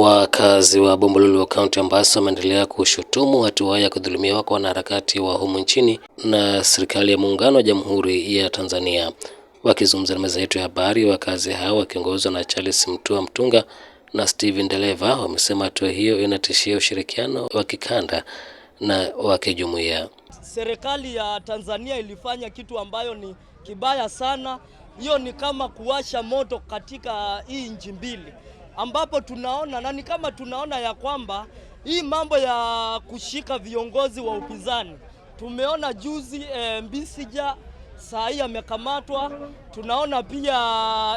Wakazi wa Bombolulu kaunti ya Mombasa wameendelea kushutumu hatua ya kudhulumiwa kwa wanaharakati wa humu nchini na serikali ya muungano wa Jamhuri ya Tanzania. Wakizungumza na meza yetu ya habari, wakazi hao wakiongozwa na Charles Mtua Mtunga na Steven Deleva wamesema hatua hiyo inatishia ushirikiano wa kikanda na wa kijumuiya. Serikali ya Tanzania ilifanya kitu ambayo ni kibaya sana. Hiyo ni kama kuwasha moto katika hii nchi mbili ambapo tunaona na ni kama tunaona ya kwamba hii mambo ya kushika viongozi wa upinzani tumeona juzi e, Mbisija saa hii amekamatwa. Tunaona pia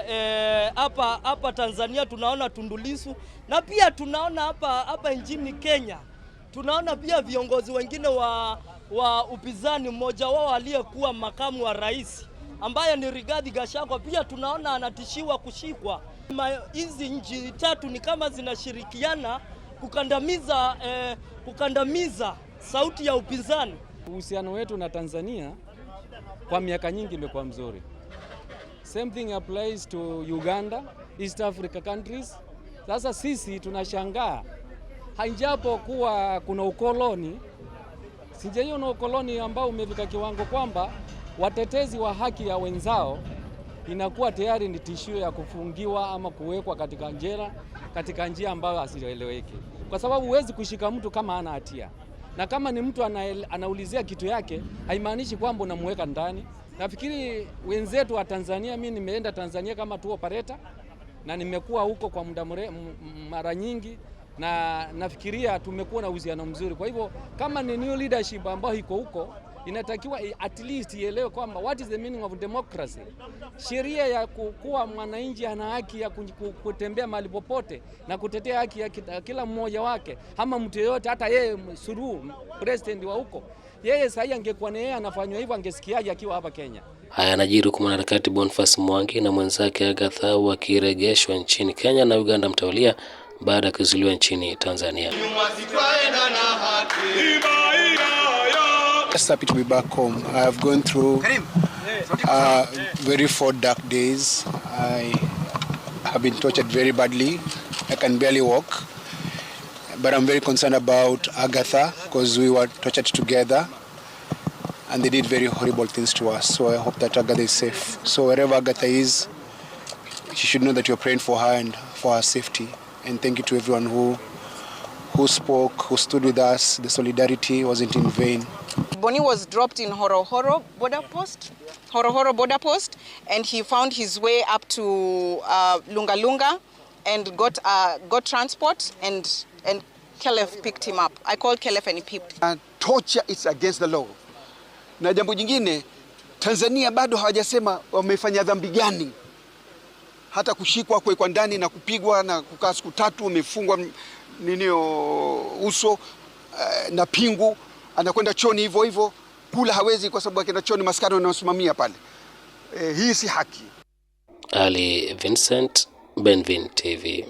eh, hapa e, hapa Tanzania tunaona tundulisu na pia tunaona hapa hapa nchini Kenya tunaona pia viongozi wengine wa, wa upinzani, mmoja wao aliyekuwa makamu wa rais ambaye ni Rigathi Gachagua pia tunaona anatishiwa kushikwa. Hizi nchi tatu ni kama zinashirikiana kukandamiza, eh, kukandamiza sauti ya upinzani. Uhusiano wetu na Tanzania kwa miaka nyingi imekuwa mzuri. Same thing applies to Uganda, East Africa countries. Sasa sisi tunashangaa haijapo kuwa kuna ukoloni, na ukoloni ambao umefika kiwango kwamba watetezi wa haki ya wenzao inakuwa tayari ni tishio ya kufungiwa ama kuwekwa katika njera katika njia ambayo hasieleweki, kwa sababu huwezi kushika mtu kama ana hatia, na kama ni mtu anaulizia kitu yake haimaanishi kwamba unamweka ndani. Nafikiri wenzetu wa Tanzania, mimi nimeenda Tanzania kama tu opereta na nimekuwa huko kwa muda mara nyingi, na nafikiria tumekuwa na uhusiano mzuri. Kwa hivyo kama ni new leadership ambayo iko huko inatakiwa at least ielewe kwamba what is the meaning of democracy. Sheria ya kuwa mwananchi ana haki ya kutembea mahali popote na kutetea haki ya kila mmoja wake, ama mtu yeyote, hata yeye Suluhu president wa huko, yeye sahii angekuwa na yeye anafanywa hivyo, angesikiaje akiwa hapa Kenya? Haya anajiri huku mwanaharakati Boniface Mwangi na mwenzake Agatha wakirejeshwa nchini Kenya na Uganda mtawalia baada ya kuzuiliwa nchini Tanzania. just happy to be back home. I have gone through uh, very four dark days. I have been tortured very badly. I can barely walk. But I'm very concerned about Agatha because we were tortured together and they did very horrible things to us. So I hope that Agatha is safe. So wherever Agatha is, she should know that you're praying for her and for her safety. And thank you to everyone who who spoke, who stood with us. The solidarity wasn't in vain. Boni was dropped in Horohoro border post, Horohoro border post, and he found his way up to uh, Lunga Lunga and got, uh, got transport and, and Kelef picked him up. I called Kelef and he picked. And uh, torture is against the law. Na jambo jingine, Tanzania bado hawajasema wamefanya dhambi gani. Hata kushikwa, kwa ndani na kupigwa na kukaa siku tatu, wamefungwa ninio uso uh, na pingu, anakwenda choni hivyo hivyo, kula hawezi kwa sababu akienda choni maskari wanaosimamia pale. Eh, hii si haki. Ali Vincent, Benvin TV.